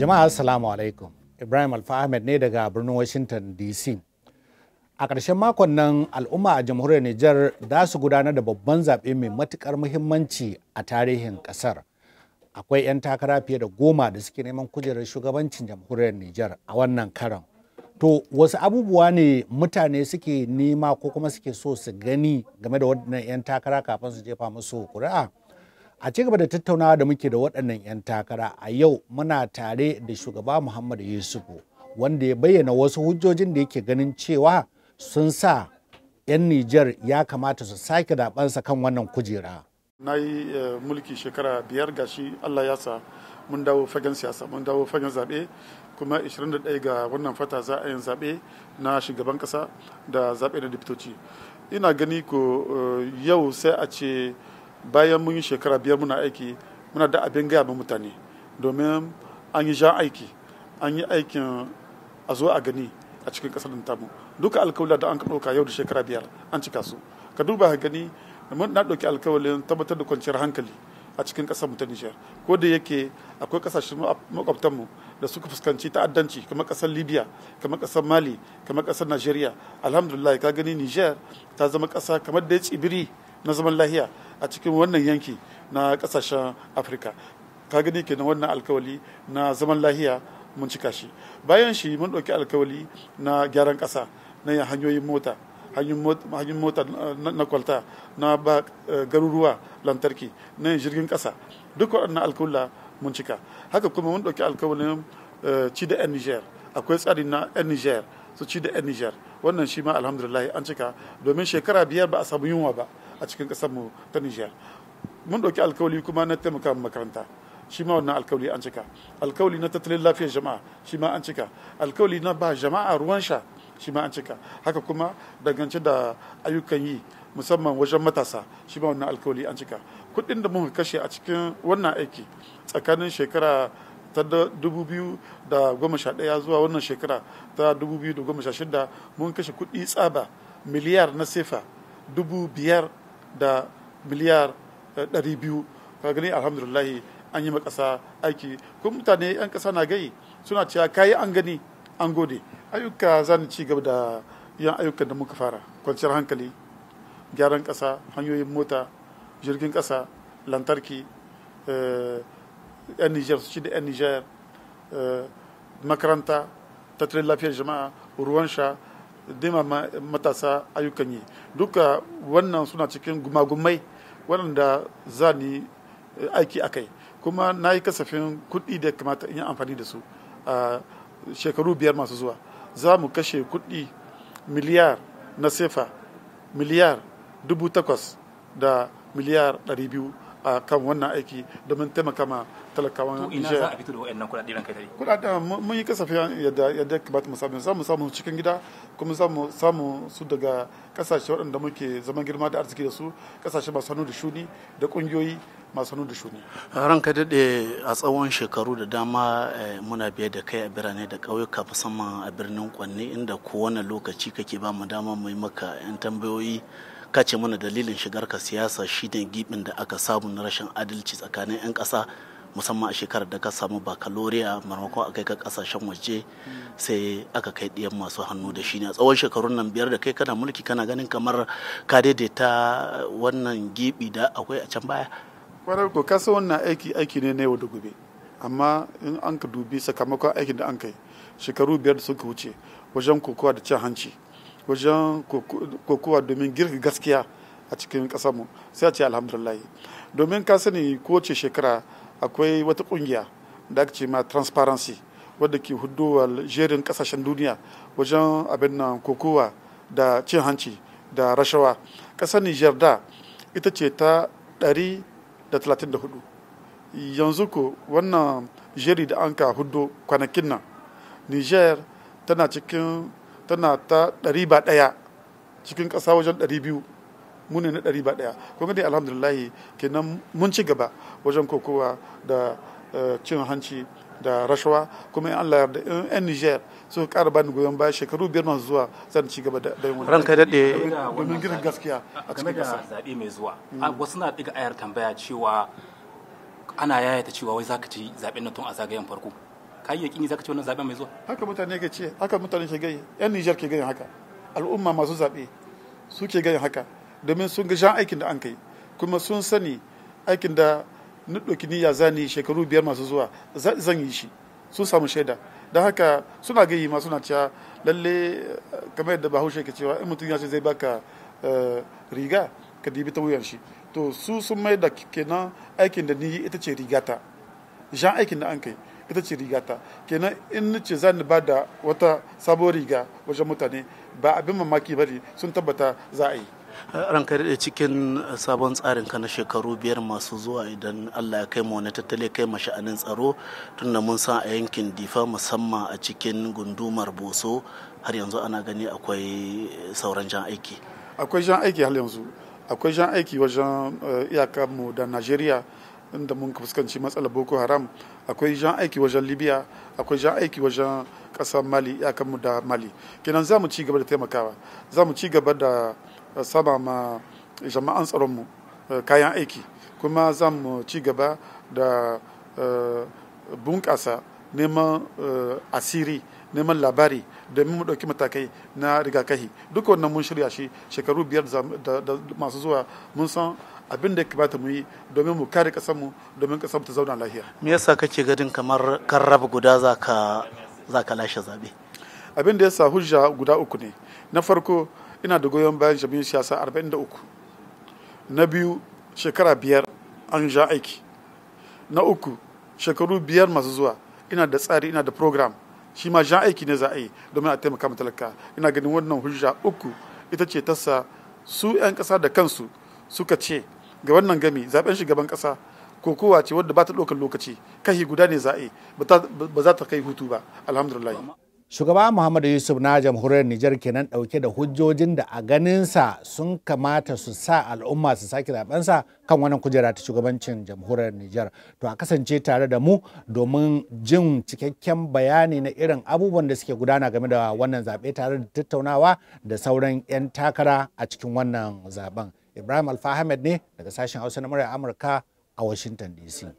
jama'a assalamu alaikum ibrahim alfa ne daga birnin washington dc a ƙarshen makon nan al'umma a jamhuriyar niger za su gudanar da babban zaɓe mai matuƙar muhimmanci a tarihin ƙasar akwai 'yan takara fiye da goma da suke neman kujerar shugabancin jamhuriyar niger a wannan karan to wasu abubuwa ne mutane suke nema ko kuma suke so su gani game da waɗannan 'yan takara kafin su jefa musu ƙuri'a a ci gaba da tattaunawa da muke da waɗannan 'yan takara a yau muna tare da shugaba muhammadu yusufu wanda ya bayyana wasu hujjojin da yake ganin cewa sun sa 'yan nijar ya kamata su sake zaɓensa kan wannan kujera na yi eh, mulki shekara biyar gashi allah ya sa mun dawo fagen siyasa mun dawo fagen zaɓe kuma 21 ga wannan fata za a yin zaɓe na shugaban ƙasa da zaɓe na diptoci ina gani ko eh, yau sai a ce bayan mun yi shekara biyar muna aiki muna da abin gaya ma mutane domin an yi jan aiki an yi aikin a zo a gani a cikin kasar mu. duka alkawalin da an ka ɗauka yau da shekara biyar an cika su ka duba ka gani mun na ɗauki alkawalin tabbatar da kwanciyar hankali a cikin kasar mu ta Nijar ko da yake akwai kasashen makwabtan mu da suka fuskanci ta'addanci kamar kasar Libya kamar kasar Mali kamar kasar Najeriya alhamdulillah ka gani Nijar ta zama kasa kamar da tsibiri na zaman lahiya a cikin wannan yanki na kasashen afirka ka gani kenan wannan alkawali na zaman lahiya mun cika shi bayan shi mun ɗauki alkawali na gyaran ƙasa na yin hanyoyin mota hanyoyin mota na kwalta na ba eh, garuruwa lantarki na yin jirgin kasa duk waɗannan alkawula mun cika haka kuma mun ɗauki alkawalin eh, ci da 'yan niger akwai tsari na 'yan niger su ci da 'yan niger wannan shi ma alhamdulillah an cika domin shekara biyar ba a samu yunwa ba a cikin ƙasar mu ta Nijar mun ɗauki alkawali kuma na taimaka makaranta shi ma wannan alkawali an cika alkawali na tattalin lafiyar jama'a shi ma an cika alkawali na ba jama'a ruwan sha shi ma an cika haka kuma dangance da ayyukan yi musamman wajen matasa shi ma wannan alkawali an cika kuɗin da mun kashe a cikin wannan aiki tsakanin shekara ta daya zuwa wannan shekara ta shida mun kashe kuɗi tsaba miliyar na sefa dubu biyar da miliyar 200 eh, ka gani alhamdulillahi an yi makasa aiki kuma mutane 'yan kasa na gai suna cewa kayi an gani an gode ayyuka zan ci gaba da yan ayyukan da muka fara kwanciyar hankali gyaran kasa hanyoyin mota jirgin kasa lantarki yan eh, nijar su ci da yan nijar eh, makaranta tattalin lafiyar jama'a ruwan sha dima matasa ayyukan yi duka wannan suna cikin gumagumai waɗanda za ni eh, aiki a kai kuma na yi kasafin kuɗi da kamata in yi amfani da su a shekaru biyar masu zuwa za mu kashe kuɗi miliyar na sefa miliyar dubu takwas da miliyar ɗari biyu a kan wannan aiki domin taimaka ma talakawan ina za a fito da waɗannan kuɗaɗe ranka dai? Kuɗaɗen mun yi kasafi yadda ya kamata mu samu samu cikin gida kuma samu samu su daga kasashe waɗanda muke zaman girma da arziki da su kasashe masu hannu da shuni da ƙungiyoyi masu hannu da shuni. Ranka daɗe a tsawon shekaru da dama eh, muna biye da kai a birane da ƙauyuka musamman a birnin Kwanne inda kowane lokaci kake ba mu dama mu yi maka 'yan tambayoyi ka ce mana dalilin shigar ka siyasa shine gibin da aka samu na rashin adalci tsakanin 'yan ƙasa musamman a shekarar da ka samu bakaloriya maimakon a kai ka kasashen waje sai aka kai ɗiyan masu hannu da shi ne a tsawon shekarun nan biyar da kai kana mulki kana ganin kamar ka daidaita wannan gibi da akwai a can baya kwarar ko kasa wannan aiki aiki ne na yau da gobe amma in an ka dubi sakamakon aikin da an kai shekaru biyar da suka wuce wajen kokowa da cin hanci wajen kokowa domin girka gaskiya a cikin ƙasarmu sai a ce alhamdulillahi domin ka sani kowace shekara akwai wata ƙungiya da ake ce ma transparency wadda ke hudowa jerin ƙasashen duniya wajen abin nan kokowa da cin hanci da rashawa ƙasar nijar da ita ce ta 134 yanzu ko wannan jeri da an ka hudo kwanakin nan niger tana cikin tana ta ɗari ba ɗaya cikin ƙasa wajen ɗari biyu mu ne na ɗari ba ɗaya kuma dai alhamdulillahi kenan mun ci gaba wajen kokowa da eh, cin hanci da rashawa kuma in Allah da in yan Niger suka ƙara bani goyon baya shekaru biyar masu zuwa zan ci gaba da yin wannan ranka daɗe domin girin gaskiya a cikin ƙasa zaɓe mai zuwa mm. wasu na ɗiga ayar tambaya cewa ana yayata cewa wai zaka ci zaɓen na tun a zagayen farko ka yi yakini zaka ci wannan zaben mai zuwa haka mutane ke ce haka mutane ke gani yan Niger ke gani haka al'umma masu zabe su ke gani haka domin sun ga jan aikin da an kai kuma sun sani aikin da ni ɗauki niyya zani shekaru biyar masu zuwa zan yi shi sun samu shaida don haka suna gayi ma suna cewa lalle kamar yadda bahaushe ke cewa in mutum ya ce zai baka eh, riga ka dibi ta wuyan shi to su sun mai da kenan aikin da ni ita ce rigata jan aikin da an kai ita ce ta kenan in ce zan ba da wata sabon riga wajen mutane ba abin mamaki bari sun tabbata za a yi ranka da cikin sabon tsarin ka na shekaru biyar masu zuwa idan allah ya kai mu wani tattale kai sha'anin tsaro tunda mun san a yankin difa musamman a cikin gundumar boso har yanzu ana gani akwai sauran jan aiki akwai jan aiki har yanzu akwai jan aiki wajen eh, mu da najeriya inda mun fuskanci matsalar boko haram akwai jan aiki wajen libya akwai jan aiki wajen kasar mali iyakanmu da mali kenan za mu ci gaba da taimakawa za mu ci gaba da eh, saba ma jama'an tsaronmu eh, kayan aiki kuma za mu ci gaba da eh, bunkasa neman asiri neman labari domin mu ɗauki matakai na rigakahi duk wannan mun shirya shi shekaru biyar da masu zuwa mun san abin da ya kamata mu yi domin mu kare mu domin ƙasarmu ta zauna lafiya. me yasa kake gadin kamar kan raba guda za ka lashe zaɓe. abin da yasa hujja guda uku ne na farko ina da goyon bayan jami'in siyasa 43 na biyu shekara biyar an ja aiki na uku shekaru biyar masu zuwa ina da tsari ina da program shi ma jan aiki ne za a yi domin a taimaka ma talaka ina ganin wannan hujja uku ita ce ta sa su 'yan kasa da kansu suka ce ga wannan gami zaben shugaban kasa ko kowa ce wadda ba ta ɗaukar lokaci kahi guda ne za a yi ba za ta kai hutu ba alhamdulillah shugaba muhammadu yusuf na jamhuriyar nijar kenan dauke da hujjojin da a ganinsa sun kamata su sa al'umma su sake zabensa kan wani kujera ta shugabancin jamhuriyar nijar to a kasance tare da mu domin jin cikakken bayani na irin abubuwan da suke gudana game da wannan zabe tare da tattaunawa da sauran 'yan takara a cikin wannan zaben ibrahim alfahamed ne daga sashen hausa na murya amurka a washington dc